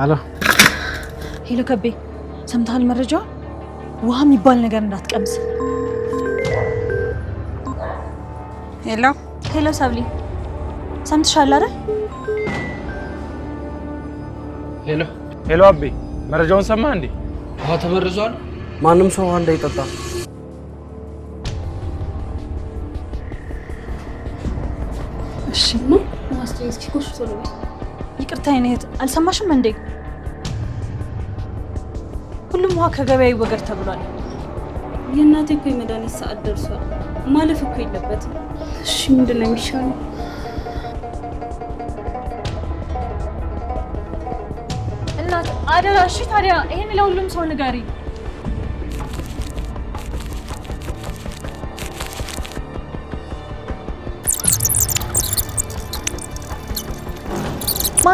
አለ። ሄሎ፣ ከቤ ሰምተሃል? መረጃ ውሃ የሚባል ነገር እንዳትቀምስ። ሄሎ ሄሎ፣ ሰብሊ ሰምትሻል አይደል? ሄሎ ሄሎ፣ አቤ መረጃውን ሰማ እንዴ? ውሃ ተመርዟል። ማንም ሰው ውሃ እንዳይጠጣ እሺ። ይቅርታ የኔ እህት አልሰማሽም እንዴ? ሁሉም ውሃ ከገበያ ይወገድ ተብሏል። የእናቴ እኮ የመድኃኒት ሰዓት ደርሷል። ማለፍ እኮ የለበትም። እሺ ምንድን ነው የሚሻለው? እናት አደራ። እሺ ታዲያ ይህን ለሁሉም ሰው ንገሪ።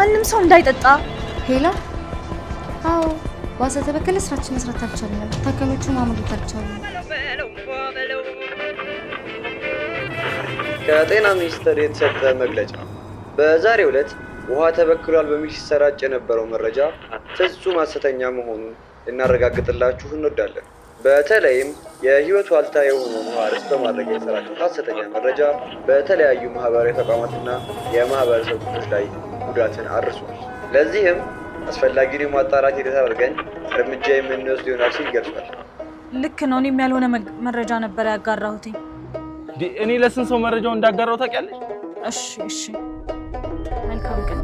ማንም ሰው እንዳይጠጣ። ሄላ አዎ፣ ዋሰ ተበከለ ስራችን መስራት አልቻለም። ታካሚዎቹ ማምለጥ አልቻሉም። ከጤና ሚኒስቴር የተሰጠ መግለጫ በዛሬ ዕለት ውሃ ተበክሏል በሚል ሲሰራጭ የነበረው መረጃ ፍጹም ሐሰተኛ መሆኑን ልናረጋግጥላችሁ እንወዳለን። በተለይም የህይወት ዋልታ የሆነውን ውሃ ርዕስ በማድረግ የተሰራጨው ሐሰተኛ መረጃ በተለያዩ ማህበራዊ ተቋማትና የማህበረሰብ ክፍሎች ላይ ጉዳትን አድርሷል። ለዚህም አስፈላጊውን የማጣራት ሂደት አድርገን እርምጃ የምንወስድ ይሆናል ሲል ገልጿል። ልክ ነው። እኔም ያልሆነ መረጃ ነበር ያጋራሁት። እኔ ለስንት ሰው መረጃውን እንዳጋራው ታውቂያለሽ? እሺ፣ እሺ፣ መልካም